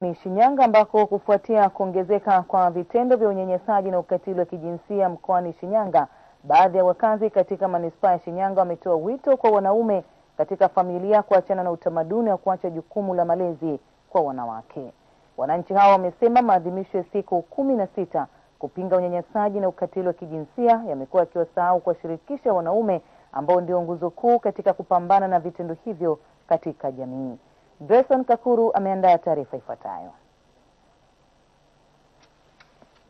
ni Shinyanga ambako kufuatia kuongezeka kwa vitendo vya unyanyasaji na ukatili wa kijinsia mkoani Shinyanga, baadhi ya wakazi katika manispaa ya Shinyanga wametoa wito kwa wanaume katika familia kuachana na utamaduni wa kuacha jukumu la malezi kwa wanawake. Wananchi hao wamesema maadhimisho ya siku kumi na sita kupinga unyanyasaji na ukatili wa kijinsia yamekuwa yakiwasahau kuwashirikisha wanaume ambao ndio nguzo kuu katika kupambana na vitendo hivyo katika jamii. Benson Kakuru ameandaa taarifa ifuatayo.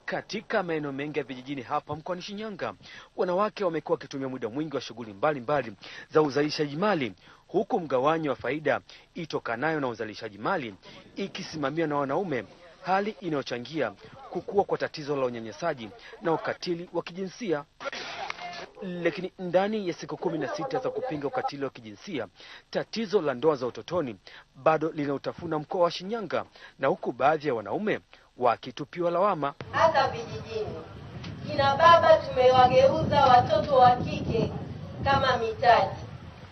Katika maeneo mengi ya vijijini hapa mkoani Shinyanga, wanawake wamekuwa wakitumia muda mwingi wa shughuli mbalimbali za uzalishaji mali, huku mgawanyo wa faida itokanayo na uzalishaji mali ikisimamiwa na wanaume, hali inayochangia kukua kwa tatizo la unyanyasaji na ukatili wa kijinsia lakini ndani ya siku kumi na sita za kupinga ukatili wa kijinsia, tatizo la ndoa za utotoni bado linautafuna mkoa wa Shinyanga, na huku baadhi ya wanaume wakitupiwa lawama hata vijijini. Kina baba tumewageuza watoto wa kike kama mitaji.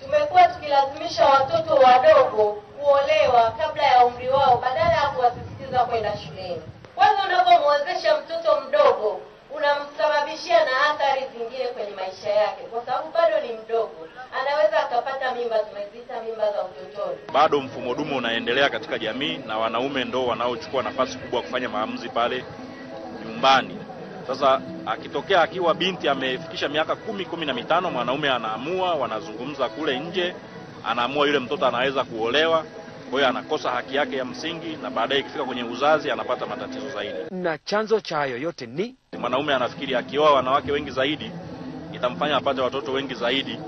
Tumekuwa tukilazimisha watoto wadogo kuolewa kabla ya umri wao badala ya kuwasisitiza kwenda shuleni. Kwanza, unapomwezesha mtoto mdogo maisha yake, kwa sababu bado ni mdogo, anaweza akapata mimba, tumeziita mimba za utotoni. Bado mfumo dume unaendelea katika jamii, na wanaume ndo wanaochukua nafasi kubwa kufanya maamuzi pale nyumbani. Sasa akitokea akiwa binti amefikisha miaka kumi, kumi na mitano, mwanaume anaamua, wanazungumza kule nje, anaamua yule mtoto anaweza kuolewa. Kwa hiyo anakosa haki yake ya msingi, na baadaye ikifika kwenye uzazi anapata matatizo zaidi. Na chanzo cha hayo yote ni mwanaume anafikiri akioa wanawake wengi zaidi kitamfanya apate watoto wengi zaidi,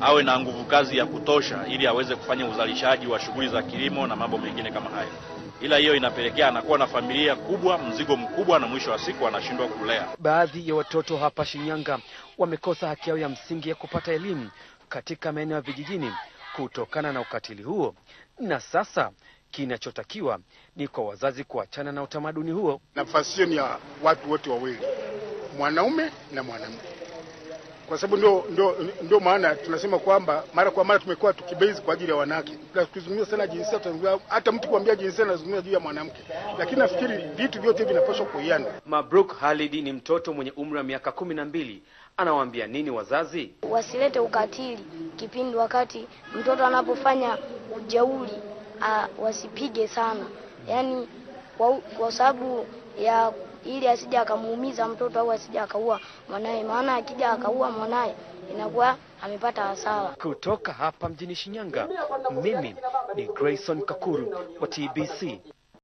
awe na nguvu kazi ya kutosha, ili aweze kufanya uzalishaji wa shughuli za kilimo na mambo mengine kama hayo. Ila hiyo inapelekea anakuwa na familia kubwa, mzigo mkubwa, na mwisho wa siku anashindwa kulea. Baadhi ya watoto hapa Shinyanga wamekosa haki yao ya msingi ya kupata elimu katika maeneo ya vijijini kutokana na ukatili huo, na sasa kinachotakiwa ni kwa wazazi kuachana na utamaduni huo. Nafasi hiyo ni ya watu wote wawili mwanaume na mwanamke, kwa sababu ndio, ndio, ndio maana tunasema kwamba mara kwa mara tumekuwa tukibezi kwa ajili ya wanawake, tunazungumza sana jinsia, hata mtu kuambia jinsia anazungumza juu ya mwanamke, lakini nafikiri vitu vyote vinapaswa kuiana. Mabruk Halidi ni mtoto mwenye umri wa miaka kumi na mbili anawaambia nini wazazi? Wasilete ukatili kipindi wakati mtoto anapofanya ujauli wasipige sana, yani kwa, kwa sababu ya ili asije akamuumiza mtoto au asije akaua mwanaye, maana akija akaua mwanaye inakuwa amepata hasara. Kutoka hapa mjini Shinyanga, mimi ni Grayson Kakuru wa TBC.